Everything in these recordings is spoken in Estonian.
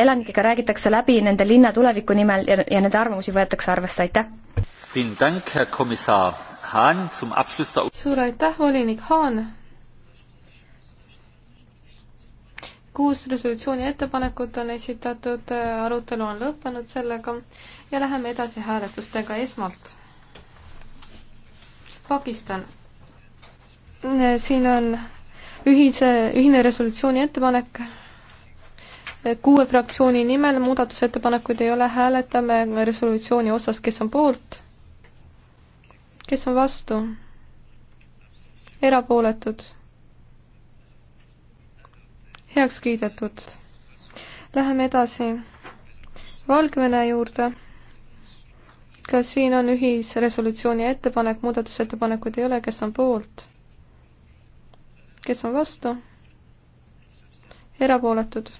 elanikega räägitakse läbi nende linna tuleviku nimel ja, ja nende arvamusi võetakse arvesse, aitäh! suur aitäh, volinik Haan! kuus resolutsiooni ettepanekut on esitatud, äh, arutelu on lõppenud sellega ja läheme edasi hääletustega esmalt. Pakistan. siin on ühise, ühine resolutsiooni ettepanek kuue fraktsiooni nimel muudatusettepanekuid ei ole, hääletame resolutsiooni osas, kes on poolt, kes on vastu, erapooletud, heaks kiidetud. Läheme edasi Valgevene juurde. kas siin on ühisresolutsiooni ettepanek, muudatusettepanekuid ei ole, kes on poolt? kes on vastu? erapooletud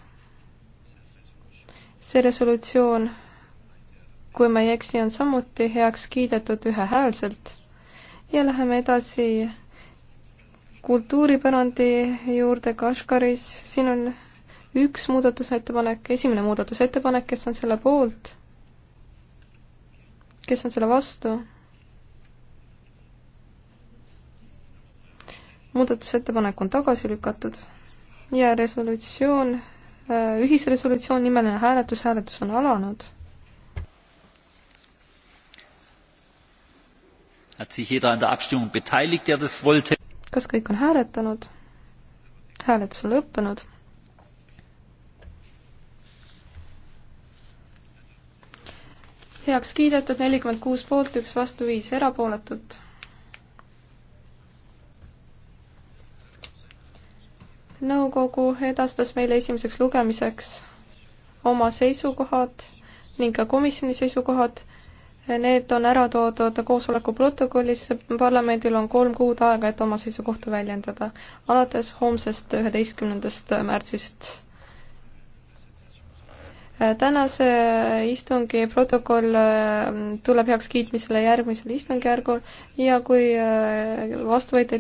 see resolutsioon, kui ma ei eksi, on samuti heaks kiidetud ühehäälselt ja läheme edasi kultuuripärandi juurde Kashgaris, siin on üks muudatusettepanek, esimene muudatusettepanek, kes on selle poolt, kes on selle vastu? muudatusettepanek on tagasi lükatud ja resolutsioon Äh, ühisresolutsioon, nimeline hääletus, hääletus on alanud. kas kõik on hääletanud? hääletus on lõppenud. heaks kiidetud nelikümmend kuus poolt, üks vastu, viis erapooletut nõukogu edastas meile esimeseks lugemiseks oma seisukohad ning ka komisjoni seisukohad. Need on ära toodud koosoleku protokollis, parlamendil on kolm kuud aega, et oma seisukohta väljendada, alates homsest üheteistkümnendast märtsist. tänase istungi protokoll äh, tuleb heakskiitmisele järgmisel istungjärgul ja kui äh, vastuvõtjaid